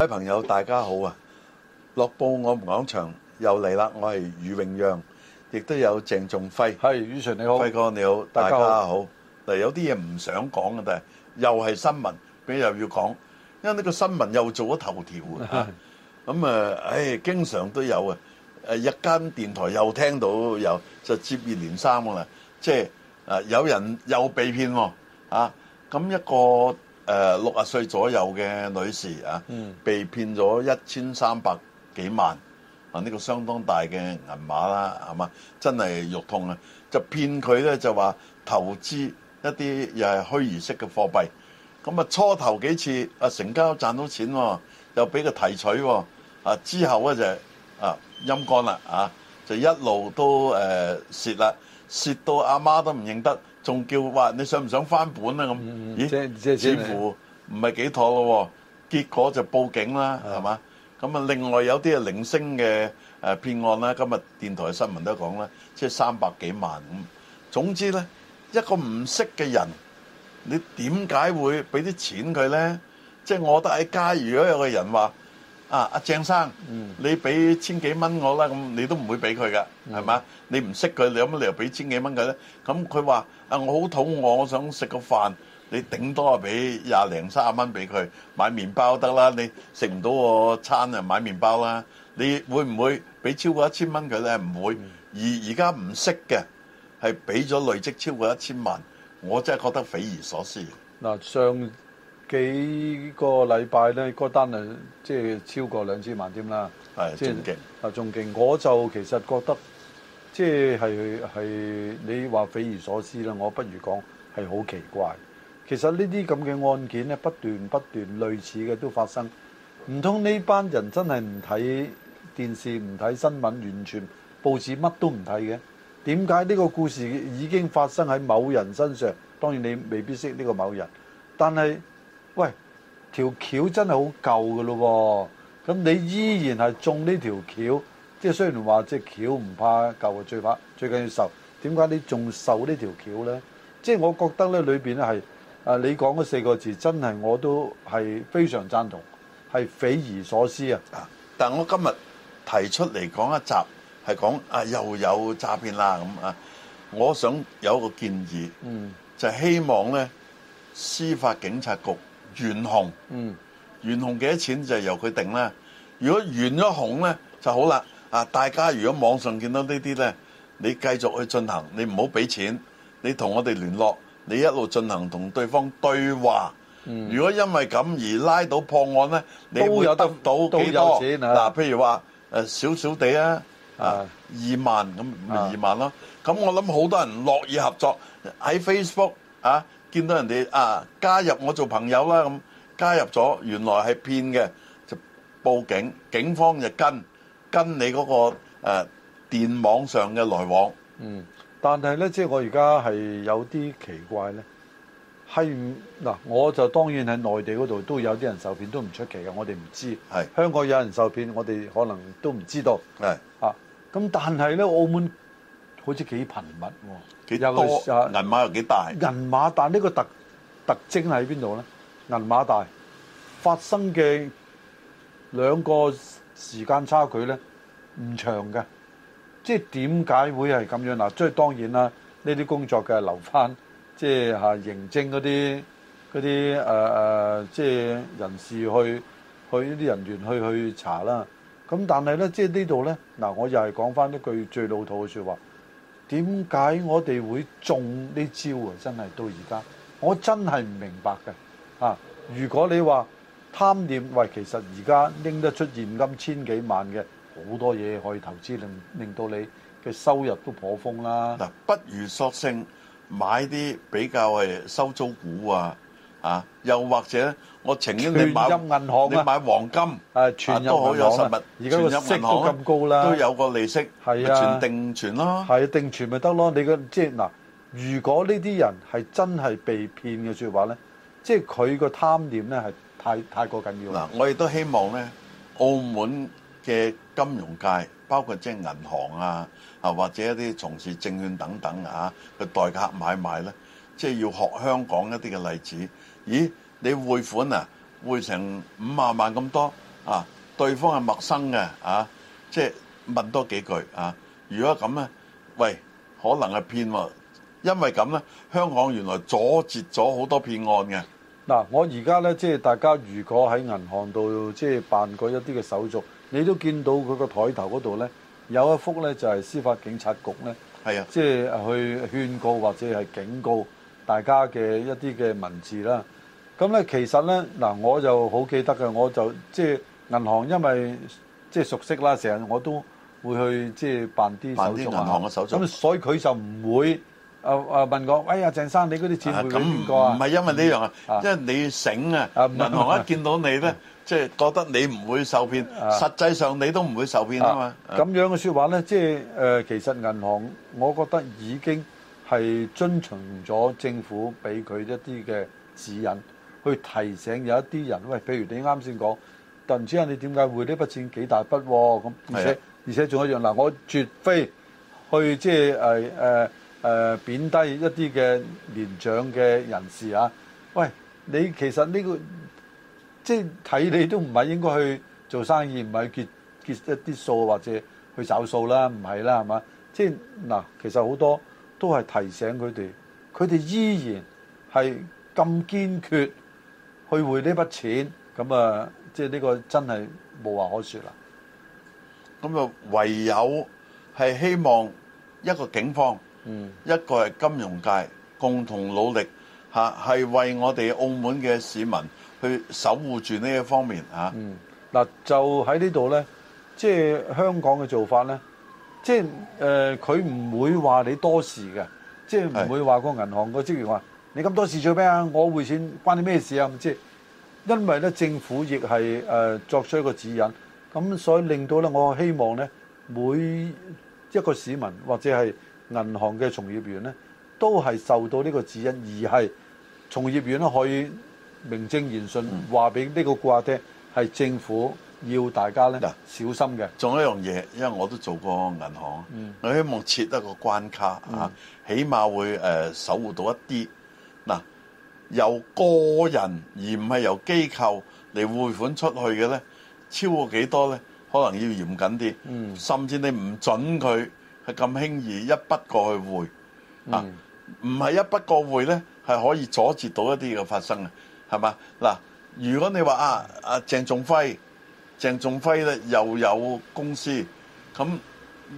各位朋友，大家好啊！樂報我們講場又嚟啦，我係余榮讓，亦都有鄭仲輝，係余 Sir 你好，輝哥你好，大家好。嗱，有啲嘢唔想講嘅，但係又係新聞，咁又要講，因為呢個新聞又做咗頭條啊。咁啊，唉，經常都有嘅。誒，一間電台又聽到有，就接二連三啦。即係啊，有人又被騙喎啊！咁一個。誒六十歲左右嘅女士啊，嗯、被騙咗一千三百幾萬啊！呢個相當大嘅銀碼啦，係嘛？真係肉痛啊！就騙佢咧，就話投資一啲又係虛擬式嘅貨幣。咁啊，初頭幾次啊成交賺到錢，又俾佢提取。啊之後咧就啊陰乾啦，啊了就一路都誒蝕啦。蝕到阿媽都唔認得，仲叫話你想唔想翻本啊？咁咦，似乎唔係幾妥咯。結果就報警啦，係嘛？咁啊，另外有啲啊零星嘅誒騙案啦，今日電台嘅新聞都講啦，即係三百幾萬咁。總之咧，一個唔識嘅人，你點解會俾啲錢佢咧？即係我覺得，誒，喺街如果有個人話，啊！阿鄭生，嗯、你俾千幾蚊我啦，咁你都唔會俾佢噶，係、嗯、嘛？你唔識佢，你有乜理由俾千幾蚊佢咧？咁佢話：啊，我好肚餓，我想食個飯，你頂多啊俾廿零三十蚊俾佢買麵包得啦。你食唔到我餐啊，買麵包啦。你會唔會俾超過一千蚊佢咧？唔會。嗯、而而家唔識嘅係俾咗累積超過一千萬，我真係覺得匪夷所思。嗱，相……幾個禮拜咧，嗰單啊，即係超過兩千萬添啦，係仲勁啊，仲勁！我就其實覺得，即係係你話匪夷所思啦，我不如講係好奇怪。其實呢啲咁嘅案件咧，不斷不斷類似嘅都發生，唔通呢班人真係唔睇電視、唔睇新聞、完全報紙乜都唔睇嘅？點解呢個故事已經發生喺某人身上？當然你未必識呢個某人，但係。喂，條橋真係好舊㗎咯喎，咁你依然係中呢條橋，即係雖然話即係橋唔怕舊，最怕最緊要受。點解你仲受呢條橋呢？即係我覺得呢裏面咧係啊，你講嗰四個字真係我都係非常贊同，係匪夷所思啊、嗯！但我今日提出嚟講一集係講啊又有詐騙啦咁啊，我想有個建議，嗯，就係希望呢司法警察局。懸紅，嗯，懸紅幾多錢就由佢定啦。如果懸咗紅咧就好啦。啊，大家如果網上見到這些呢啲咧，你繼續去進行，你唔好俾錢，你同我哋聯絡，你一路進行同對方對話。嗯、如果因為咁而拉到破案咧，你有得到幾多都有錢啊！嗱、啊，譬如話，誒少少地啊，啊二萬咁咪二萬咯。咁、啊啊、我諗好多人樂意合作喺 Facebook 啊。見到人哋啊加入我做朋友啦，咁，加入咗原來係騙嘅，就報警，警方就跟跟你嗰個誒電網上嘅來往。嗯，但係呢，即係我而家係有啲奇怪呢，係嗱，我就當然喺內地嗰度都有啲人受騙都唔出奇嘅，我哋唔知。係香港有人受騙，我哋可能都唔知道。係啊，咁但係呢，澳門。好似幾頻密喎，幾多銀碼又幾大？銀碼大呢，呢個特特徵喺邊度咧？銀碼大發生嘅兩個時間差距咧唔長嘅，即係點解會係咁樣嗱、呃？即係當然啦，呢啲工作嘅留翻即係嚇刑偵嗰啲嗰啲誒誒，即係人士去去呢啲人員去去查啦。咁但係咧，即係呢度咧嗱，我又係講翻一句最老土嘅說話點解我哋會中呢招啊？真係到而家，我真係唔明白嘅。啊，如果你話貪念，喂，其實而家拎得出現金千幾萬嘅，好多嘢可以投資，令令到你嘅收入都頗豐啦。嗱，不如索性買啲比較係收租股啊！啊！又或者我情願你買銀行、啊，你買黃金，啊，全啊都好有實物，而家利息咁、啊、高啦，都有個利息，係啊，啊，定存咯，係啊，定存咪得咯？你嘅即係嗱、啊，如果呢啲人係真係被騙嘅話咧，即係佢個貪念咧係太太過緊要嗱、啊，我亦都希望咧，澳門嘅金融界，包括即係銀行啊，啊或者一啲從事證券等等啊嘅、啊、代客買賣咧，即係要學香港一啲嘅例子。咦，你匯款啊，匯成五萬萬咁多啊？對方係陌生嘅啊，即係問多幾句啊。如果咁咧，喂，可能係騙喎。因為咁咧，香港原來阻截咗好多騙案嘅。嗱，我而家咧即係大家如果喺銀行度即係辦過一啲嘅手續，你都見到佢個台頭嗰度咧有一幅咧就係司法警察局咧，即係、啊、去勸告或者係警告。大家嘅一啲嘅文字啦，咁咧其實咧嗱，我就好記得嘅，我就即係銀行，因為即係熟悉啦，成日我都會去即係辦啲手續銀行嘅手續。咁所以佢就唔會誒誒問我，哎呀，鄭生，你嗰啲錢會點個啊？唔係因為呢樣啊，因為你醒啊，銀行一見到你咧，即係覺得你唔會受騙，實際上你都唔會受騙啊嘛。咁樣嘅説話咧，即係誒，其實銀行，我覺得已經。係遵從咗政府俾佢一啲嘅指引，去提醒有一啲人喂，譬如你啱先講鄧子欣，突然間你點解會呢筆錢幾大筆咁？而且而且仲有一樣嗱，我絕非去即係誒誒誒，貶低一啲嘅年長嘅人士啊！喂，你其實呢個即係睇你都唔係應該去做生意，唔係去結,結一啲數或者去找數啦，唔係啦，係嘛？即係嗱，其實好多。都係提醒佢哋，佢哋依然係咁堅決去匯呢筆錢，咁啊，即係呢個真係無話可説啦。咁啊，唯有係希望一個警方，一個係金融界共同努力嚇，係為我哋澳門嘅市民去守護住呢一方面嚇。嗱、啊嗯，就喺呢度呢，即係香港嘅做法呢。即係誒，佢、呃、唔會話你多事嘅，即係唔會話個銀行個職員話你咁多事做咩啊？我匯錢關你咩事啊？即係因為咧，政府亦係誒作出一個指引，咁所以令到咧，我希望咧每一個市民或者係銀行嘅從業員咧，都係受到呢個指引，而係從業員可以名正言順話俾呢個顧客聽係政府。要大家咧嗱，小心嘅。仲有一樣嘢，因為我都做過銀行，我希望設一個關卡啊，起碼會誒守護到一啲嗱，由個人而唔係由機構嚟匯款出去嘅咧，超過幾多咧，可能要嚴謹啲，甚至你唔準佢係咁輕易一筆過去匯啊，唔係一筆過匯咧，係可以阻止到一啲嘅發生嘅，係嘛嗱？如果你話啊阿鄭仲輝。鄭仲輝咧又有公司，咁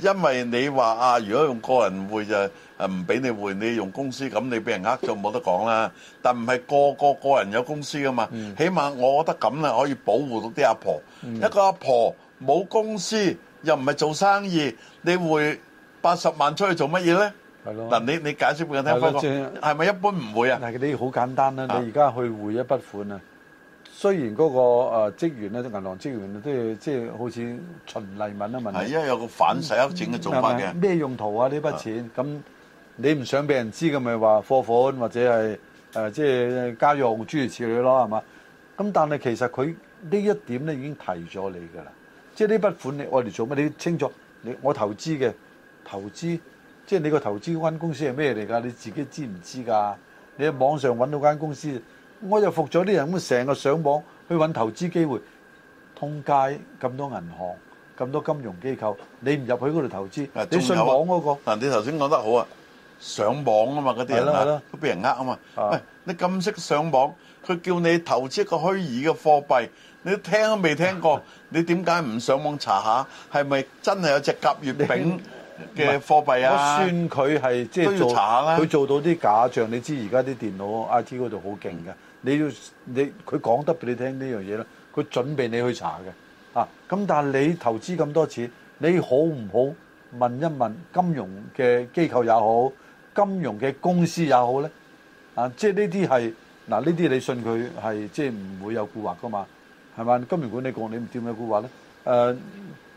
因為你話啊，如果用個人匯就誒唔俾你匯，你用公司咁你俾人呃就冇得講啦。但唔係個個個人有公司噶嘛？起碼我覺得咁啊可以保護到啲阿婆。一個阿婆冇公司又唔係做生意，你匯八十萬出去做乜嘢咧？係咯。嗱，你你解釋俾我聽翻過，係咪一般唔會啊？嗱，你好簡單啦，你而家去匯一筆款啊。雖然嗰個誒職員咧，銀行職員都要即係好似循例問一問，係因為有個反洗黑錢嘅做法嘅，咩用途啊？呢筆錢咁你唔想俾人知嘅，咪話貨款或者係誒即係家用諸如此類咯，係嘛？咁但係其實佢呢一點咧已經提咗你㗎啦，即係呢筆款你攞嚟做乜？你清楚？你我投資嘅投資，即係你個投資嗰間公司係咩嚟㗎？你自己知唔知㗎？你喺網上揾到間公司。我就服咗啲人咁，成個上網去揾投資機會，通街咁多銀行、咁多金融機構，你唔入去嗰度投資，你信網嗰個？嗱，你頭先講得好啊，上網啊嘛，嗰啲人係囉，係囉，都俾人呃啊嘛。喂，你咁識上網，佢叫你投資一個虛擬嘅貨幣，你聽都未聽過，你點解唔上網查下，係咪真係有隻甲乙丙嘅貨幣啊？我算佢係即係都要查下啦。佢做到啲假象，你知而家啲電腦 I T 嗰度好勁㗎。你要你佢講得俾你聽呢樣嘢啦，佢準備你去查嘅，啊咁但係你投資咁多錢，你好唔好問一問金融嘅機構也好，金融嘅公司也好咧，啊即係呢啲係嗱，呢啲你信佢係即係唔會有蠱惑噶嘛，係嘛？金融管理局你唔掉咩蠱惑咧？誒、呃、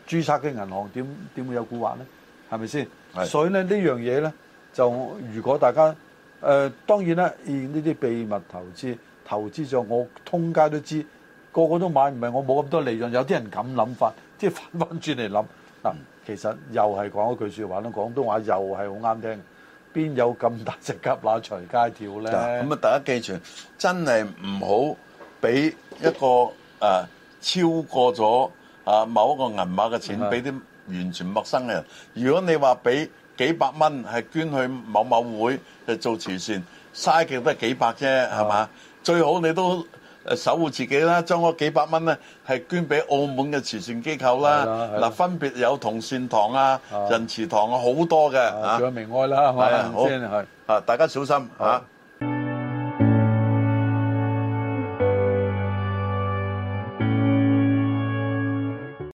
註冊嘅銀行點點會有蠱惑咧？係咪先？所以咧，呢樣嘢咧就如果大家誒、呃、當然咧，呢啲秘密投資。投資咗我通街都知，個個都買，唔係我冇咁多利潤。有啲人咁諗法，即係反翻轉嚟諗嗱，其實又係講一句説話咯，廣東話又係好啱聽，邊有咁大隻蛤乸隨街跳咧？咁啊，大家記住，真係唔好俾一個誒超過咗啊某一個銀碼嘅錢俾啲完全陌生嘅人。如果你話俾幾百蚊係捐去某某會，去做慈善，嘥極都係幾百啫，係嘛？最好你都誒守護自己啦，將嗰幾百蚊咧係捐俾澳門嘅慈善機構啦。嗱，分別有同善堂啊、仁慈堂啊，好多嘅。仲有明愛啦，係咪先？啊，大家小心嚇。